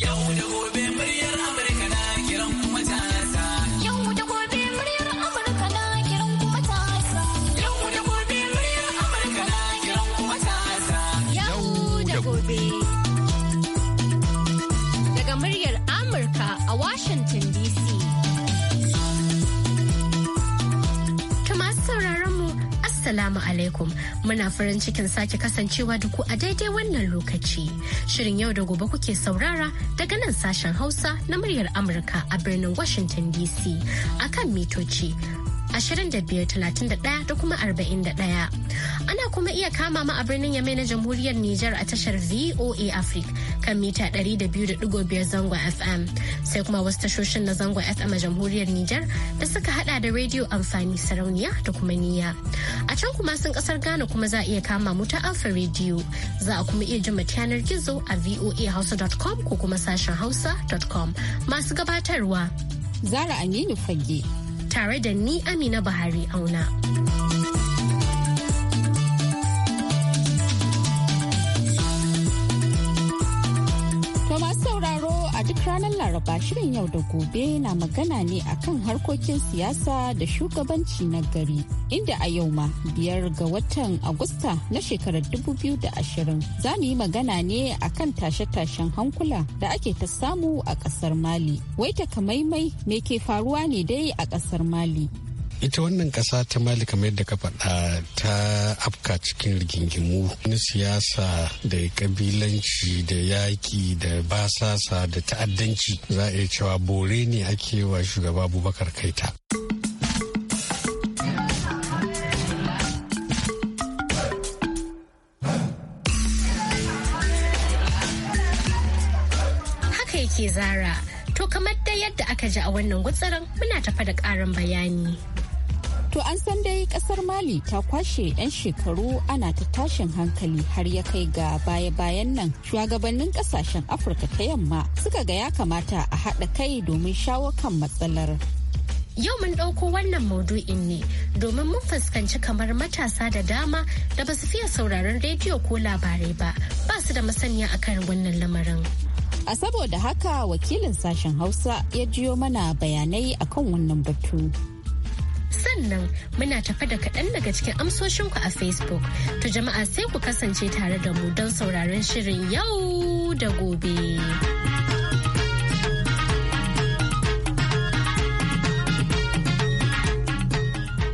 Yo, alaikum muna farin cikin sake kasancewa da ku a daidai wannan lokaci. Shirin yau da gobe kuke saurara daga nan sashen Hausa na muryar Amurka a birnin Washington DC a kan mitoci 25,31 da kuma 41. Ana kuma iya kama ma a birnin Yamai na Jamhuriyar Nijar a tashar VOA Africa kan mita 200.5 zango FM sai kuma wasu tashoshin na zango FM a jamhuriyar Niger da suka hada da rediyo amfani sarauniya da kuma niya. A can kuma sun kasar Ghana kuma za a iya kama mu ta Alfa rediyo za a kuma iya jin mu yanar gizo a voahausa.com ko kuma sashen hausa.com masu gabatarwa. Zara Aminu Fage. Tare da ni Amina Buhari auna. gaba shirin yau da gobe na magana ne akan harkokin siyasa da shugabanci na gari. Inda a yau ma biyar ga watan Agusta na shekarar dubu 2020 za mu yi magana ne akan tashe-tashen hankula da ake ta samu a kasar Mali. Wai ta takamaimai me ke faruwa ne dai a kasar Mali. ita wannan ƙasa ta mali kamar yadda ka faɗa ta afka cikin rigingimu na siyasa da kabilanci da yaƙi da basasa da ta'addanci za a iya cewa bore ne ake wa shugaba abubakar kaita Haka yake zara. To kamar da yadda aka ji a wannan gutsarin muna tafa da ƙarin bayani. To an san dai kasar Mali ta kwashe 'yan shekaru ana ta tashin hankali har ya kai ga baya-bayan nan shugabannin kasashen Afirka ta yamma suka ga ya kamata a haɗa kai domin shawo kan matsalar. Yau mun ɗauko wannan maudu'in ne domin mun fuskanci kamar matasa da dama da ba su fiye sauraron rediyo ko labarai ba ba su da masaniya akan wannan lamarin. A saboda haka wakilin sashen Hausa ya jiyo mana bayanai akan wannan batu. sannan muna tafa da kaɗan daga cikin amsoshinku a facebook to jama'a sai ku kasance tare da mu don sauraron shirin yau da gobe.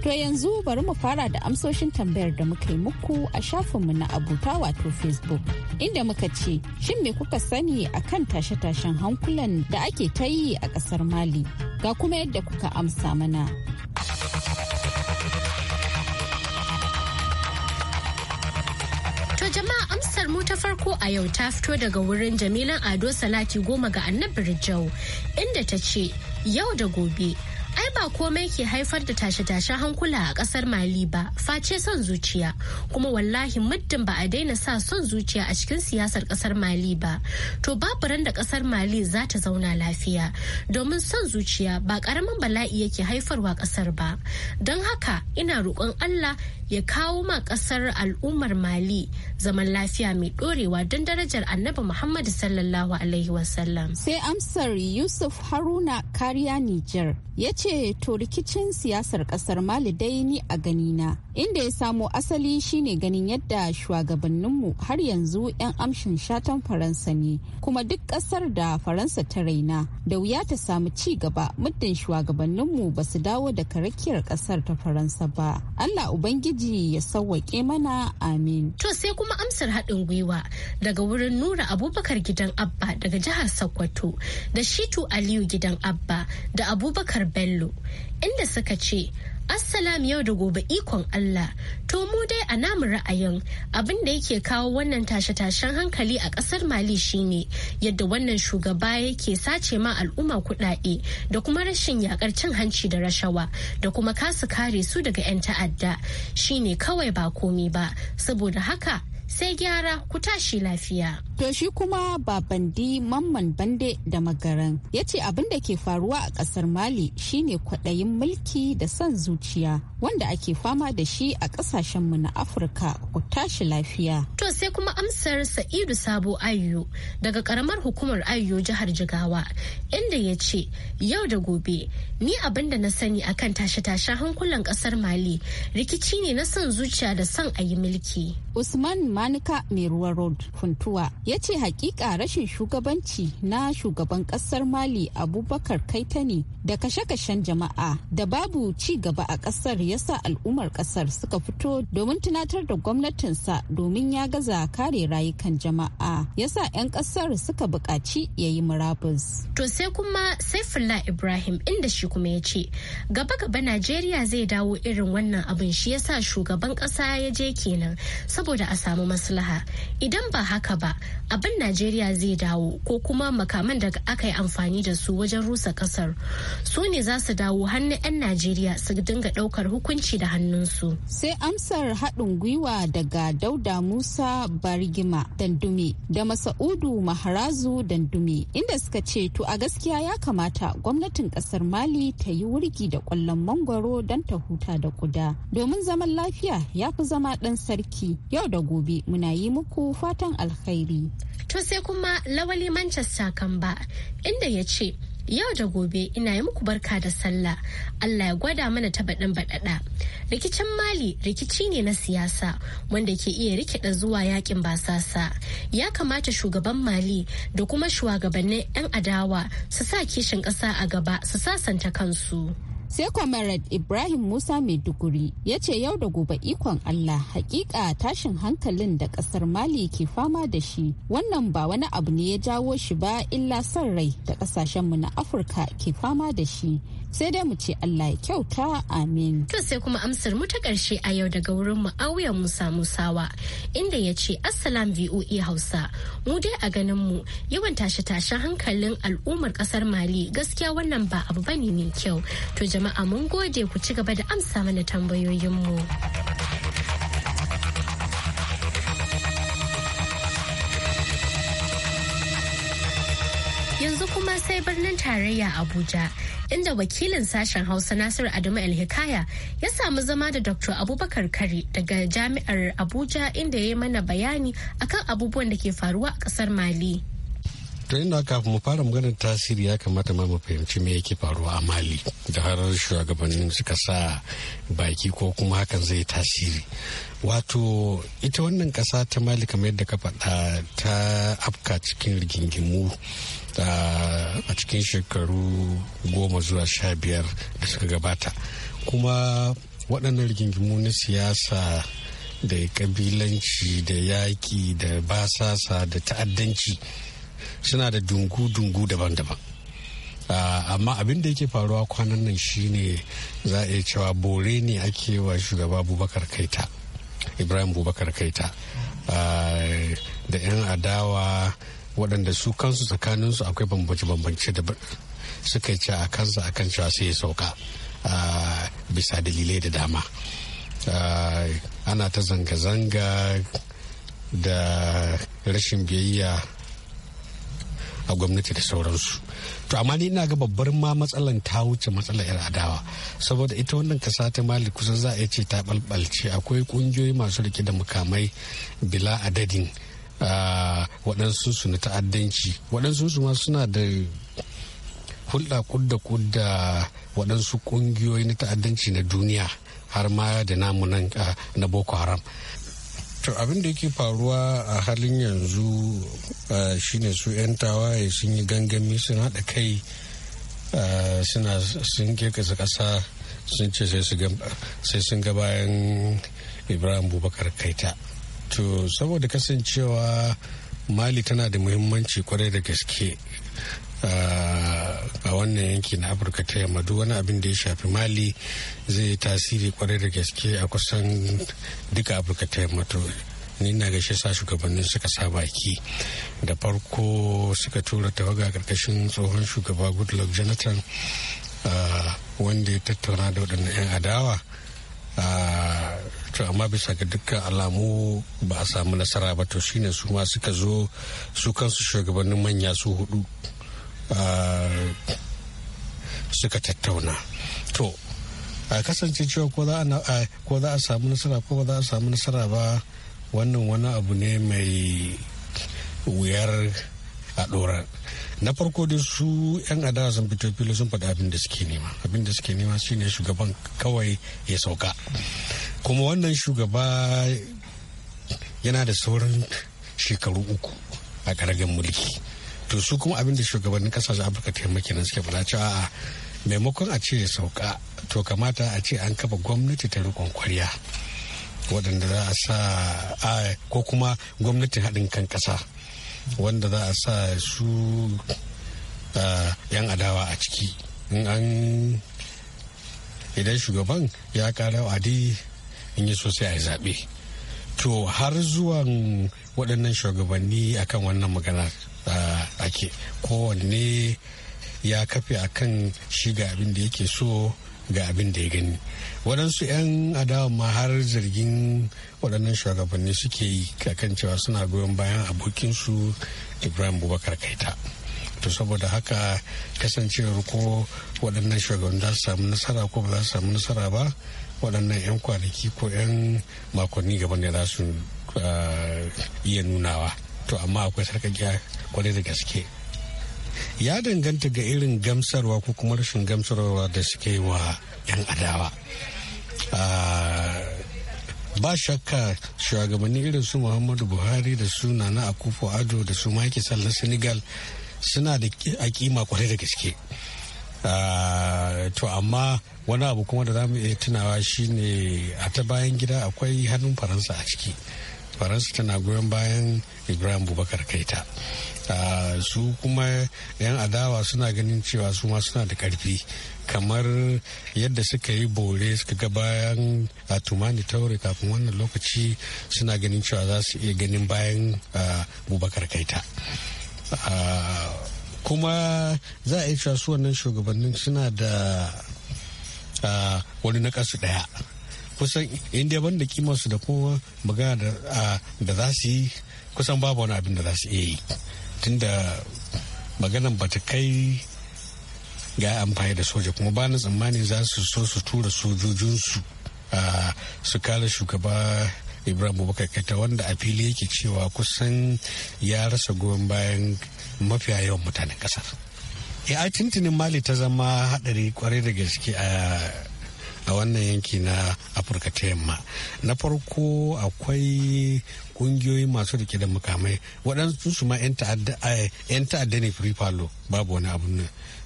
To yanzu bari mu fara da amsoshin tambayar da muka yi muku a shafinmu na abuta wato Facebook inda muka ce shin me kuka sani akan tashe-tashen hankulan da ake ta yi a ƙasar Mali ga kuma yadda kuka amsa mana. Tambayar mu ta farko a yau ta fito daga wurin Jamilan Ado Salati goma ga Annabi Jau inda ta ce yau da gobe ai ba komai ke haifar da tashe-tashe hankula a kasar mali ba face son zuciya kuma wallahi muddin ba a daina sa son zuciya a cikin siyasar kasar mali ba to babu ran da kasar mali za ta zauna lafiya domin son zuciya ba karamin bala'i yake haifarwa kasar ba don haka ina roƙon allah ya kawo ma kasar al'ummar mali zaman lafiya mai ɗorewa don darajar annabi Muhammadu sallallahu Alaihi wasallam. Sai amsar Yusuf Haruna kariya Nijar ya ce to rikicin siyasar kasar Mali dai ni a ganina inda ya samo asali shine ganin yadda shugabanninmu har yanzu 'yan amshin shatan Faransa ne kuma duk kasar da Faransa ta raina da wuya ta samu ci gaba muddin shugabanninmu ba su dawo da karakiyar kasar ta Faransa ba. Allah Ubangiji ya sauwaƙe mana amin. To sai kuma amsar haɗin gwiwa daga wurin Nura Abubakar gidan Abba daga jihar Sokoto da Shitu Aliyu gidan Abba da Abubakar Bello inda suka ce Assalam yau da gobe ikon Allah. To mu dai a namun ra'ayin abin da yake kawo wannan tashe-tashen hankali a ƙasar Mali shine yadda wannan shugaba yake sace ma al'umma kuɗaɗe da kuma rashin yakar cin hanci da rashawa da kuma kasu kare su daga 'yan ta'adda shine kawai ba komi ba saboda haka sai gyara ku tashi lafiya. To shi kuma babandi mamman bande da magaran ya ce abin da ke faruwa a kasar Mali shine kwaɗayin mulki da son zuciya wanda ake fama da shi a ƙasashenmu na Afirka ku tashi lafiya. To sai kuma amsar Sa'idu Sabo Ayyo daga ƙaramar hukumar Ayyo jihar Jigawa inda ya ce yau da gobe ni abin da na sani akan tashe-tashen hankulan ƙasar Mali rikici ne na son zuciya da son a yi mulki. Usman manuka mai ruwan road funtuwa ya ce hakika rashin shugabanci na shugaban kasar mali abubakar ne da kashe-kashen jama'a da babu ci gaba a kasar yasa al'ummar kasar suka fito domin tunatar da gwamnatinsa domin ya gaza kare rayukan jama'a yasa 'yan kasar suka bukaci ya yi murabus to sai kuma saifullah ibrahim inda shi kuma ya ce gaba-gaba najeriya zai dawo irin wannan abin shi yasa shugaban ƙasa ya je kenan saboda a samu maslaha idan ba haka ba abin najeriya zai dawo ko kuma makaman da aka yi amfani da su wajen rusa kasar su ne za su dawo hannun 'yan najeriya su dinga daukar hukunci da hannunsu sai amsar haɗin gwiwa daga dauda musa barigima dandumi da masa'udu maharazu dandumi inda suka ce to a gaskiya ya kamata gwamnatin kasar mali ta yi wurgi da kwallon mangwaro don ta huta da kuda domin zaman lafiya ya fi zama ɗan sarki yau da gobe muna yi muku fatan alkhairi. To sai kuma Lawali Manchester Kamba inda ya ce yau da gobe ina yi muku barka da sallah Allah ya gwada mana ta baɗin baɗaɗa. Rikicin Mali rikici ne na siyasa wanda ke iya rikida zuwa yakin basasa. Ya kamata shugaban Mali da kuma shugabannin 'yan adawa su sa kishin ƙasa a gaba su sasanta kansu. sai comrade ibrahim musa maiduguri ya ce yau da gobe ikon allah hakika tashin hankalin da kasar mali ke fama da shi wannan ba wani abu ne ya jawo shi ba illa son rai da kasashenmu na afirka ke fama da shi sai dai mu ce Allah ya kyauta amin. To sai kuma amsar mu ta ƙarshe a yau daga wurin Muawiya Musa Musawa inda ya ce Assalam VOA e Hausa mu dai a ganin mu yawan tashe-tashen hankalin al'ummar kasar Mali gaskiya wannan ba abu bane mai kyau. To jama'a mun gode ku ci gaba da amsa mana tambayoyin mu. kuma sai birnin tarayya Abuja, inda wakilin sashen Hausa Nasiru Adamu Alhikaya ya samu zama da Dr. Abubakar Kari daga Jami'ar Abuja inda ya yi mana bayani akan abubuwan da ke faruwa a kasar Mali. ta inda kafin mu fara maganar tasiri ya kamata ma mu fahimci me yake faruwa a mali da har shugabannin suka sa baki ko kuma hakan zai tasiri wato ita wannan kasa ta mali kamar yadda ka faɗa ta afka cikin rigingimu a cikin shekaru goma zuwa sha biyar da suka gabata kuma waɗannan rigingimu na siyasa da kabilanci da yaƙi da basasa da ta'addanci suna da dungu-dungu daban-daban amma abin da yake faruwa kwanan nan shine za a iya cewa bore ne ake wa shugaba bubakar kaita ibrahim bubakar kaita da 'yan adawa waɗanda su kansu su akwai bambance-bambance da suka ce a kansa akan cewa sai ya sauka bisa dalilai da dama ana ta zanga-zanga da rashin biyayya a gwamnati da sauransu to amma ni ina ga babbar ma matsalan ta wuce matsalar yar adawa saboda ita wannan kasa ta mali kusan za a ce ta balbalce akwai kungiyoyi masu rike da mukamai bila adadin waɗansu su na ta'addanci waɗansu su ma suna da hulɗa kudda kudda waɗansu ƙungiyoyi na ta'addanci na duniya har ma da namu nan na boko haram to abin da yake faruwa a halin yanzu shine su 'yan tawaye sun yi gangami sun haɗa kai suna sun ƙasa sun ce sai sun ga bayan ibrahim bubakar kaita to saboda kasancewa mali tana da muhimmanci kwarai da gaske a wannan yanki na afirka ta yamma duk wani abin da ya shafi mali zai tasiri kwarai da gaske a kusan duka afirka ta yamma to ni na gaishe sa shugabannin suka sa baki da farko suka tura tawaga karkashin tsohon shugaba goodluck jonathan wanda ya tattauna da waɗannan 'yan adawa to amma bisa ga dukkan alamu ba a samu nasara ba to shine su ma suka zo su kansu shugabannin manya su hudu suka tattauna to a kasance cewa ko za a samu nasara ko ba za a samu nasara ba wannan wani abu ne mai wuyar a ɗora na farko da su 'yan adawa sun fito filo sun faɗi abin da suke nema abin da suke nema shine shugaban kawai ya sauka kuma wannan shugaba yana da sauran shekaru uku a karagen mulki to su kuma abinda shugabannin kasashen afirka taimaki nan suke fada cewa a maimakon a ce ya sauka to kamata a ce an kafa gwamnati ta rikon kwarya waɗanda za a sa ko kuma gwamnatin haɗin kan ƙasa wanda za a sa su yan adawa a ciki in an idan shugaban ya ƙara wadi in yi so sai a yi zaɓe to har zuwan waɗannan shugabanni a kan wannan magana ake kowanne ya kafe a kan shi ga abin da yake so ga abin da ya gani waɗansu 'yan adawa ma har zargin waɗannan shugabanni suke yi kan cewa suna goyon bayan abokinsu ibrahim bubakar kaita to saboda haka kasancewar ko waɗannan shugabanni za su samu nasara ko ba za su samu nasara ba waɗannan 'yan kwanaki ko 'yan makonni gaban da za su ah, iya nunawa to amma akwai sarkakiya kwarai da gaske ya danganta ga irin gamsarwa ko kuma rashin gamsarwa da suke wa 'yan adawa ah, ba shakka shugabanni irin su muhammadu buhari da su nana akufo ado da su maki na senegal suna da akima kwarai da gaske Eh, to amma wani abu kuma da za mu iya tunawa shine a ta bayan gida akwai hannun faransa a ciki faransa tana goyon bayan ibrahim bubakar kaita eh, su kuma 'yan adawa suna ganin cewa su ma suna da karfi kamar yadda suka yi bore suka ga bayan a eh, tumani taure kafin wannan lokaci suna ganin cewa za su iya ganin bayan bubakar kaita kuma za a yi cewa su wannan shugabannin suna da wani nakasu daya kusan inda ban da kimarsu da kuma magana da za su yi kusan babu wani abin da za su iya yi tunda maganan ba ta kai ga amfani da soja kuma ba na tsammanin za su so su tura sojojinsu su kare shugaba ibrahim abubakar kaita wanda a fili yake cewa kusan ya rasa goyon bayan mafiya yawan mutanen kasar ya tuntunin mali ta zama hadari kwarai da gaske a wannan yanki na afirka ta yamma na farko akwai kungiyoyi masu rike da mukamai waɗansu su ma 'yan ta'adda ne free babu wani abu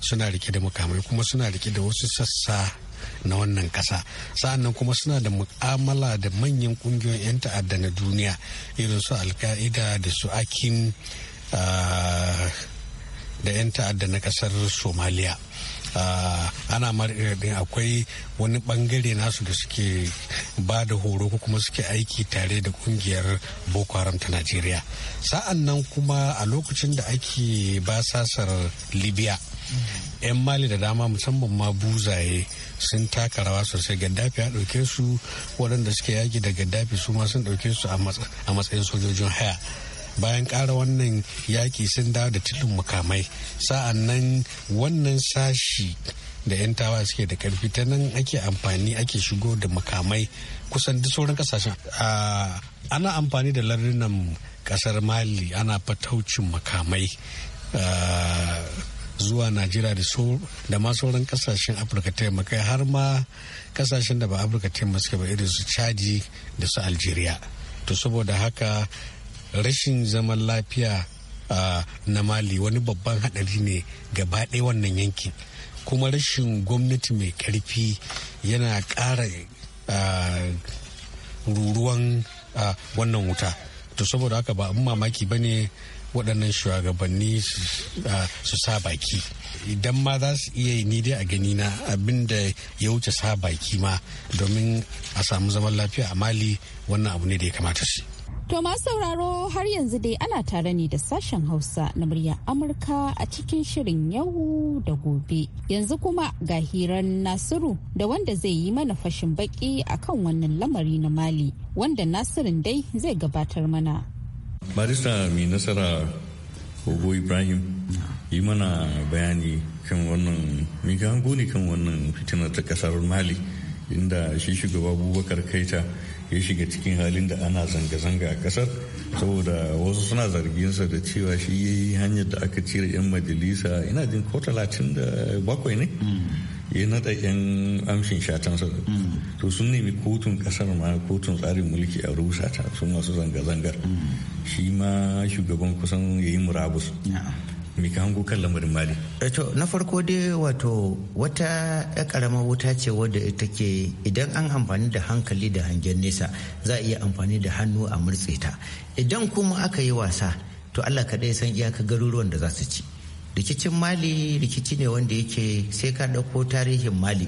suna rike da mukamai kuma suna rike da wasu sassa na wannan kasa sa'annan kuma suna da mu'amala da manyan kungiyoyin 'yan ta'adda na duniya irin su alka'ida da su akin ah, da 'yan ta'adda na kasar somaliya ah, ana din akwai wani bangare nasu da suke ba da horo ko kuma suke aiki tare da kungiyar boko haram ta najeriya sa'an nan kuma a lokacin da ake ba basasar libya 'yan mali da dama musamman ma buzaye sun taka rawa sosai gaddafi ya ɗauke su waɗanda suke yaki da gaddafi su ma sun ɗauke su a matsayin sojojin haya bayan ƙara wannan yaƙi sun dawo da tilin mukamai sa'an nan wannan sashi da 'yan tawa suke da karfi ta nan ake amfani ake shigo da mukamai kusan duk sauran kasashen ana amfani da lardunan ƙasar mali ana fataucin makamai zuwa najeriya da so da ma sauran kasashen afirka ta yamma kai har ma kasashen da ba afirka ta yamma suke ba irin su chadi da su algeria to saboda haka rashin zaman lafiya na mali wani babban hadari ne gaba ɗaya wannan yankin kuma rashin gwamnati mai karfi yana ƙara ruruwan wannan wuta to saboda haka ba mamaki ba ne waɗannan shugabanni su sa baki idan ma za su iya yi ni dai a gani na abin da ya wuce sa baki ma domin a samu zaman lafiya a mali wannan abu ne da ya kamata su To masu sauraro har yanzu dai ana tare ni da sashen Hausa na murya Amurka a cikin shirin yau da gobe. Yanzu kuma ga hiran Nasiru da wanda zai yi mana fashin baki akan wannan lamari na Mali, wanda Nasirin dai zai gabatar mana. barista mai nasara hugo Ibrahim yi mana bayani kan wannan mai hango ne kan wannan fitinar ta kasar Mali inda shi shugaba Abubakar Kaita ya shiga cikin halin da ana zanga-zanga a kasar saboda wasu suna zarginsa da cewa shi ya yi hanyar da aka cire 'yan majalisa ina jin ko talatin da bakwai ne mm. ya nada 'yan amshin shatansa mm. to sun nemi kotun kasar ma kotun tsarin mulki a rusa ta sun masu zanga-zangar shi ma shugaban kusan yayi murabus mai hango kan lamarin mali eh to na farko dai wato wata ya karamar wuta ce wadda ita ke idan an amfani da hankali da hangen nesa za a iya amfani da hannu a murtse ta idan kuma aka yi wasa to allah kaɗai san iyaka garuruwan da za su ci rikicin mali rikici ne wanda yake sai ka ɗauko tarihin mali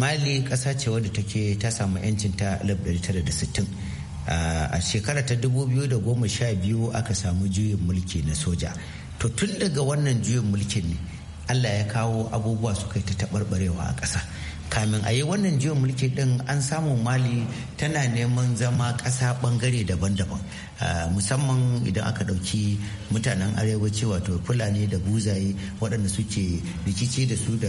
mali ƙasa ce wadda take ta samu 'yancin ta 1960 a shekara ta 2012 aka samu juyin mulki na soja to tun daga wannan juyin mulkin ne allah ya kawo abubuwa suka yi ta taɓarɓarewa a ƙasa kamin a yi wannan juyin mulki ɗin an samu mali tana neman zama ƙasa ɓangare daban-daban musamman idan aka ɗauki mutanen arewaci wato fulani da buzaye waɗanda suke rikici da su da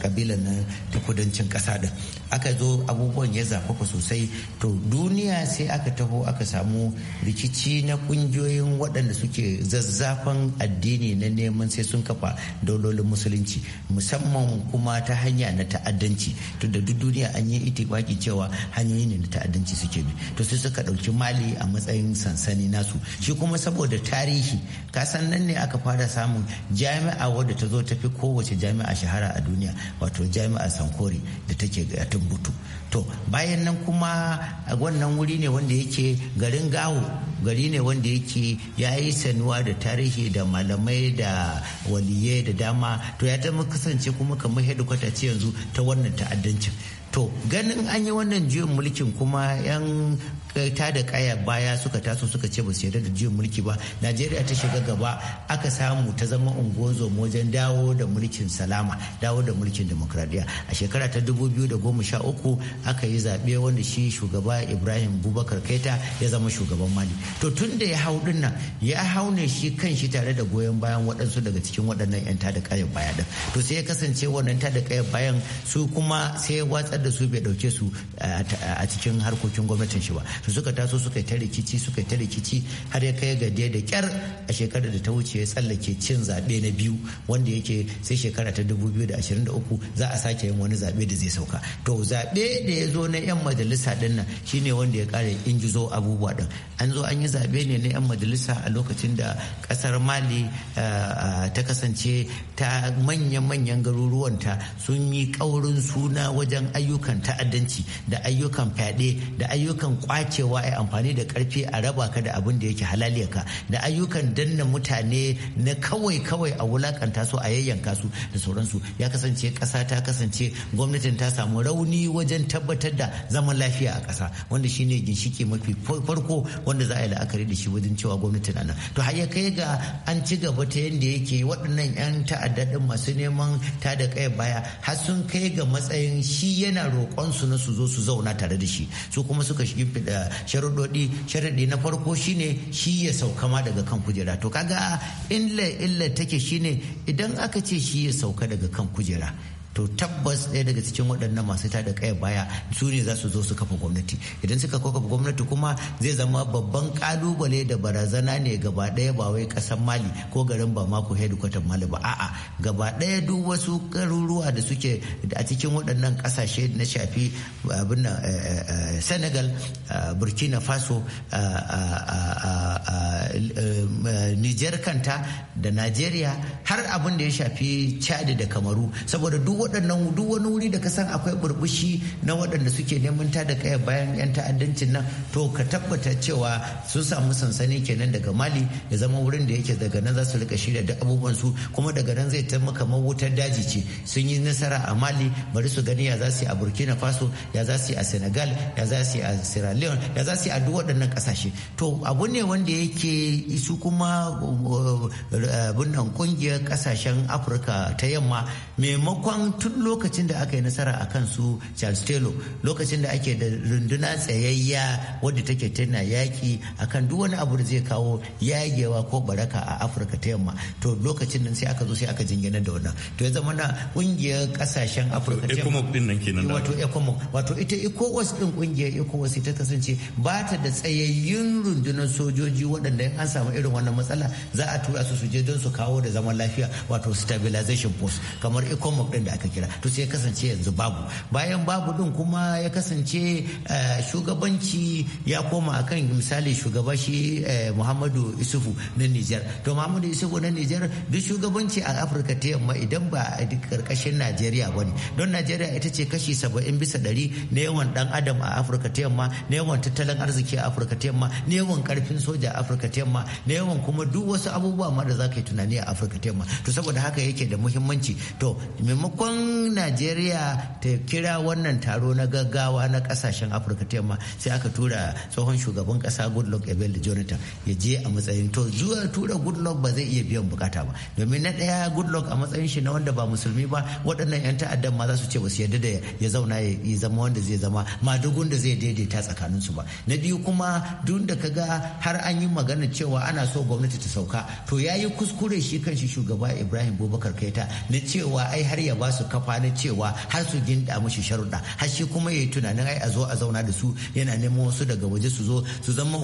ƙabilan na ta kudancin ƙasa da aka zo abubuwan ya zafafa sosai to duniya sai aka taho aka samu rikici na ƙungiyoyin waɗanda suke zazzafan addini na neman sai sun kafa daulolin musulunci musamman kuma ta hanya na ta'addanci to da duk duniya an yi itibaki cewa cewa hanyoyi ne da ta'addanci suke bi to sai suka ɗauki mali a matsayin sansani nasu shi kuma saboda tarihi ka san nan ne aka fara samun jami'a wadda ta zo ta fi kowace jami'a shahara a duniya wato jami'a sankori da take a timbuktu to bayan nan kuma wannan wuri ne wanda yake garin gawo gari ne wanda yake ya yi sanuwa da tarihi da malamai da waliyai da dama to ya ta kasance kuma kamar hedikwata ce yanzu ta wannan ta'addancin to ganin an yi wannan juyin mulkin kuma 'yan ta da kaya baya suka taso suka ce ba su yarda da juyin mulki ba najeriya ta shiga gaba aka samu ta zama ungozo wajen dawo da mulkin salama dawo da mulkin demokradiyya a shekara ta dubu biyu da goma sha uku aka yi zaɓe wanda shi shugaba ibrahim bubakar kaita ya zama shugaban mali to tun da ya hau din ya hau ne shi kan shi tare da goyon bayan waɗansu daga cikin waɗannan 'yan tada kayan baya din to sai ya kasance wannan tada kayan bayan su kuma sai ya watsar da su bai ɗauke su a cikin harkokin gwamnatin shi ba to suka taso suka ta rikici suka ta rikici har ya kai ga da kyar a shekarar da ta wuce ya tsallake cin zaɓe na biyu wanda yake sai shekara ta 2023 za a sake yin wani zaɓe da zai sauka to zaɓe da ya zo na 'yan majalisa ɗin nan shine wanda ya ƙara zo abubuwa ɗin an zo an yi zaɓe ne na 'yan majalisa a lokacin da ƙasar mali ah, ta kasance ta manya-manyan garuruwanta sun yi ƙaurin suna wajen ayyukan ta'addanci da ayyukan fyaɗe da ayyukan ƙwace cewa yi amfani da karfi a raba ka da abin da yake halaliyarka da ayyukan danna mutane na kawai kawai a wulakanta su a yayyanka su da sauransu ya kasance kasa ta kasance gwamnatin ta samu rauni wajen tabbatar da zaman lafiya a kasa wanda shine ginshiki mafi farko wanda za a yi la'akari da shi wajen cewa gwamnatin anan to har ya kai ga an ci gaba ta yadda yake waɗannan 'yan ta'adda din masu neman ta da kai baya har sun kai ga matsayin shi yana roƙon na su zo su zauna tare da shi su kuma suka da sharuɗoɗi sharuɗi na farko shine shi ya sauka ma daga kan kujera to kaga illa illa take shine idan aka ce shi ya sauka daga kan kujera to tabbas ɗaya daga cikin waɗannan masu tada kaya baya su ne za su zo su kafa gwamnati idan suka kafa gwamnati kuma zai zama babban kalubale da barazana ne gaba ɗaya ba wai ƙasar mali ko garin ba mako hedikwatar mali ba a'a gaba ɗaya duk wasu garuruwa da suke a cikin waɗannan ƙasashe na shafi eh, abin eh, eh, senegal burkina faso niger kanta da nigeria har abin da ya shafi chad da kamaru saboda duk waɗannan duk wani wuri da ka san akwai burbushi na waɗanda suke neman ta da kaya bayan 'yan ta'addancin nan to ka tabbata cewa sun samu sansani kenan daga mali ya zama wurin da yake daga nan za su rika shirya da abubuwan su kuma daga nan zai taimaka kamar wutar daji ce sun yi nasara a mali bari su gani ya za su yi a burkina faso ya za su yi a senegal ya za su yi a sierra leone ya za su yi a duk waɗannan kasashe to abu ne wanda yake su kuma uh, abin nan ƙungiyar ƙasashen afirka ta yamma maimakon tun lokacin da aka yi nasara a kan su charles taylor lokacin da ake da runduna tsayayya wadda take tana yaki akan duk wani abu da zai kawo yagewa ko baraka a afirka ta yamma to lokacin nan sai aka zo sai aka jingina da wannan to ya zama na kungiyar kasashen afirka ta yamma wato ecomoc wato ita ecowas din kungiyar ecowas ta kasance ba ta da tsayayyun rundunar sojoji waɗanda an samu irin wannan matsala za a tura su su je don su kawo da zaman lafiya wato stabilization post kamar ecomoc din da aka aka kira to sai ya kasance yanzu babu bayan babu din kuma ya kasance eh, shugabanci ya koma akan misali shugaba shi eh, muhammadu isufu na nijar to muhammadu isufu na nijar duk shugabanci a afirka ta yamma idan ba a karkashin najeriya ba ne don najeriya ita ce kashi saba'in bisa ɗari na yawan dan adam a afirka ta yamma na yawan tattalin arziki a afirka ta yamma na yawan karfin soja a afirka ta yamma na yawan kuma duk wasu abubuwa ma da za ka yi tunani a afirka ta yamma to saboda haka yake da muhimmanci to maimakon maimakon najeriya ta kira wannan taro na gaggawa na kasashen afirka ta yamma sai aka tura tsohon shugaban kasa goodluck ebele jonathan ya je a matsayin to zuwa tura goodluck ba zai iya biyan bukata ba domin na daya goodluck a matsayin shi na wanda ba musulmi ba waɗannan yan ta'addan ma za su ce ba su yarda da ya zauna ya zama wanda zai zama madugun da zai daidaita tsakanin su ba na biyu kuma duk da ka ga har an yi magana cewa ana so gwamnati ta sauka to ya yi kuskure shi kanshi shugaba ibrahim bubakar kaita na cewa ai har ya ba su kafa na cewa har su ginda mushi sharuɗa har shi kuma ya yi tunanin ai a zo a zauna da su yana neman wasu daga waje su zo su zama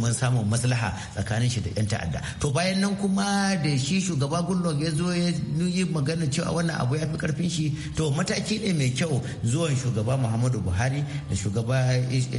man samun maslaha tsakanin shi da yan ta'adda to bayan nan kuma da shi shugaba gullo ya zo ya yi magana cewa wannan abu ya fi karfin shi to mataki ne mai kyau zuwan shugaba Muhammadu Buhari da shugaba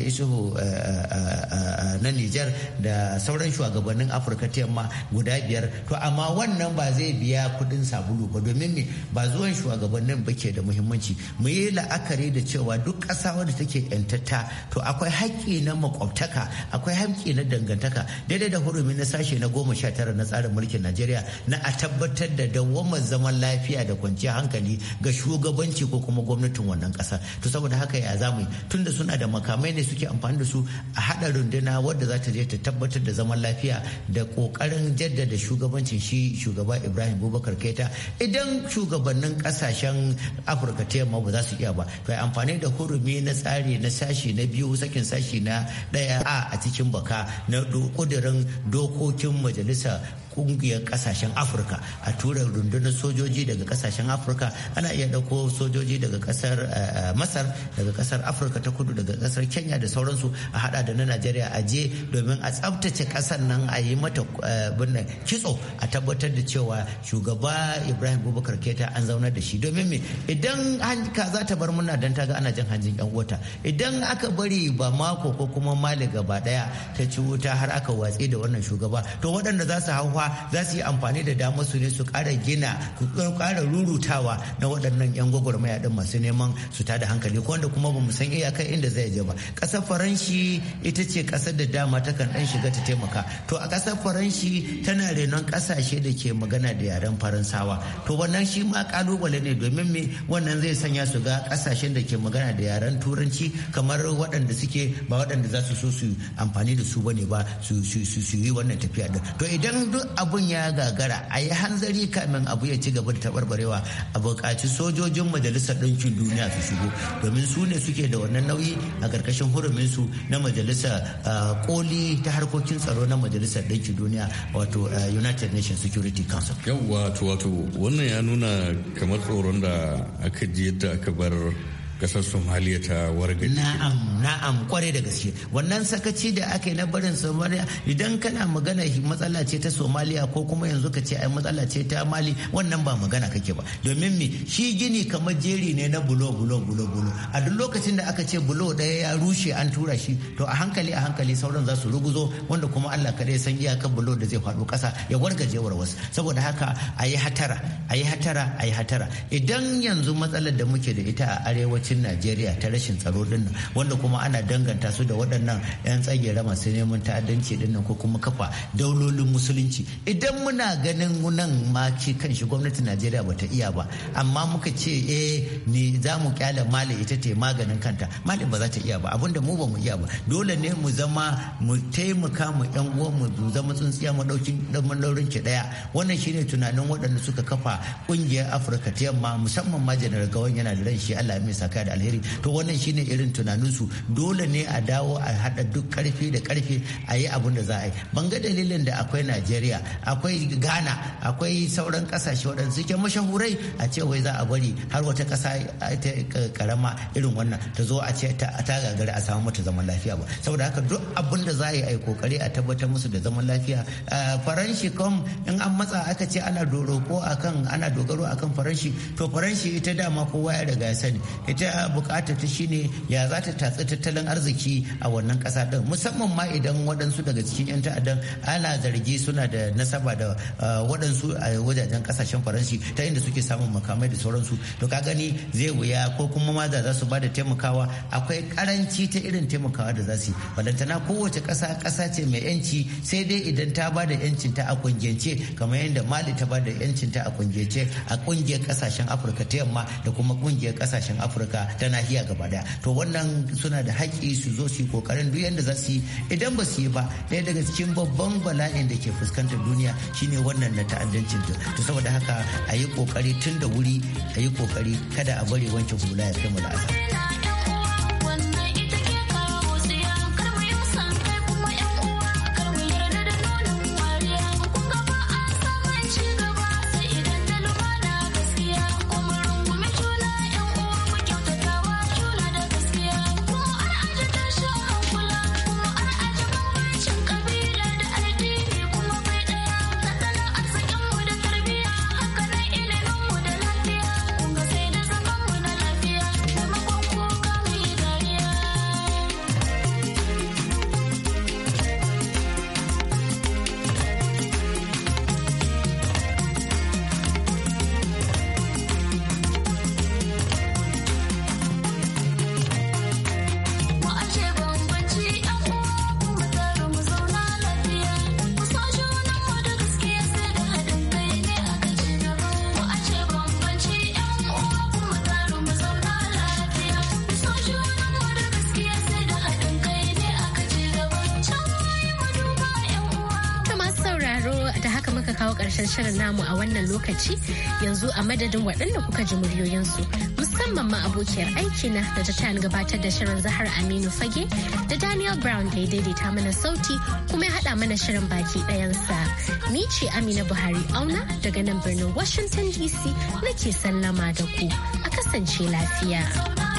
Isuhu eh, eh, eh, na Nijar da sauran shugabannin Afirka ta yamma guda biyar to amma wannan ba zai biya kuɗin sabulu ba domin ne ba zuwan shugaba shugabannin ba ke da muhimmanci mu yi la'akari da cewa duk ƙasa wadda take yantatta to akwai haƙƙi na makwabtaka akwai haƙƙi na dangantaka daidai da hurumi na sashe na goma sha tara na tsarin mulkin najeriya na a tabbatar da dawamar zaman lafiya da kwanciyar hankali ga shugabanci ko kuma gwamnatin wannan ƙasa to saboda haka ya zamu tunda suna da makamai ne suke amfani da su a haɗa runduna wadda za ta je ta tabbatar da zaman lafiya da ƙoƙarin jaddada shugabancin shi shugaba ibrahim bubakar keta idan shugabannin ƙasashe kasashen afirka ta yamma ba za su iya ba to amfani da hurumi na tsari na sashi na biyu sakin sashi na daya a a cikin baka na kudirin dokokin majalisa kungiyar kasashen afirka a tura rundunar sojoji daga kasashen afirka ana iya dauko sojoji daga kasar eh, eh, masar daga kasar afirka ta kudu daga kasar kenya da sauransu a hada da na najeriya a je domin a tsabtace kasar nan a yi mata eh, kitso a tabbatar da cewa shugaba ibrahim bubakar keta an zaunar da shi domin me idan kaza ta bar muna dan ta ga ana jin hanjin yan wata idan aka bari ba mako ko kuma mali gaba daya ta ci wuta har aka watsi da wannan shugaba to waɗanda za su hauwa za su yi amfani da damar su ne su ƙara gina ƙara rurutawa na waɗannan yan gwagwarmaya din masu neman su ta da hankali ko wanda kuma ba mu san kai inda zai je ba ƙasar faranshi ita ce ƙasar da dama takan ɗan shiga ta taimaka to a ƙasar faranshi tana renon ƙasashe da ke magana da yaren faransawa to wannan shi ma ƙalubale ne domin me wannan zai sanya su ga kasashen da ke magana da yaren turanci kamar waɗanda suke ba waɗanda za su so su amfani da su bane ba su yi wannan tafiya da to idan duk abun ya gagara a yi hanzari kamin abu ya ci gaba da tabarbarewa a buƙaci sojojin majalisar ɗinkin duniya su shigo domin su ne suke da wannan nauyi a ƙarƙashin hurumin su na Majalisa koli ta harkokin tsaro na majalisar ɗinkin duniya wato united nations security council yawwa wato wato wannan ya nuna kamar Wanda da aka je da aka bar kasar somaliya ta wargaje na'am na'am kware da gaske wannan sakaci da aka yi na barin somaliya idan kana magana matsala ce ta somaliya ko kuma yanzu ka ce ai matsala ce ta mali wannan ba magana kake ba domin me shi gini kamar jeri ne na bulo bulo bulo bulo a duk lokacin da aka ce bulo daya ya rushe an tura shi to a hankali a hankali sauran za su ruguzo wanda kuma Allah kaɗai san iyakar bulo da zai faɗo ƙasa ya wargaje wasu saboda haka a yi hatara a yi hatara a yi hatara idan yanzu matsalar da muke da ita a arewaci arewacin najeriya ta rashin tsaro dinnan wanda kuma ana danganta su da waɗannan 'yan tsagera masu neman ta'addanci dinnan ko kuma kafa daulolin musulunci idan muna ganin nan ma ci kan shi gwamnatin najeriya bata iya ba amma muka ce eh ni za mu kyale mali ita ta maganin kanta mali ba za ta iya ba abinda mu ba mu iya ba dole ne mu zama mu taimaka mu yan uwan mu zama tsintsiya madaukin daurin ki daya wannan shine tunanin waɗanda suka kafa kungiyar afirka ta yamma musamman ma janar gawan yana da ran shi allah ya mai barka da alheri to wannan shine irin tunaninsu dole ne a dawo a haɗa duk karfi da karfe a yi abin da za a yi ban ga dalilin da akwai najeriya akwai ghana akwai sauran kasashe waɗanda suke mashahurai a ce wai za a bari har wata ƙasa ta karama irin wannan ta zo a ce ta gagari a samu mata zaman lafiya ba saboda haka duk abin da za a yi a yi kokari a tabbatar musu da zaman lafiya faranshi kom in an matsa aka ce ana doroko akan ana dogaro akan faranshi to faranshi ita dama kowa ya riga ya sani ita ita bukata ta shine ya za ta tatsi tattalin arziki a wannan kasa din musamman ma idan waɗansu daga cikin 'yan ta'addan ana zargi suna da nasaba da eh, waɗansu a wajajen kasashen faransi ta inda suke samun makamai da sauransu to ka gani zai wuya ko kuma ma za su ba da taimakawa akwai karanci ta irin taimakawa da za su yi balantana kowace kasa kasa ce mai yanci sai dai idan ta ba da yancin ta a kungiyance kamar yadda mali ta ba da yancin ta a kungiyance a kungiyar kasashen afirka ta yamma da kuma kungiyar kasashen afirka afirka ta nahiya gaba daya to wannan suna da haƙƙi su zo su yi kokarin duk yadda za su yi idan ba su yi ba ɗaya daga cikin babban bala'in da ke fuskantar duniya shine wannan na ta'addancin to saboda haka a yi kokari tun da wuri a yi kokari kada a bari wancan hula ya kai mu la'asar. namu a wannan lokaci yanzu a madadin waɗanda kuka ji muryoyinsu musamman ma abokiyar aiki na da ta gabatar da shirin Zahar Aminu Fage da Daniel Brown da ya daidaita mana sauti kuma ya haɗa mana shirin baki ɗayansa. Ni ce Amina Buhari Auna daga nan birnin Washington DC nake sallama da ku. A kasance lafiya.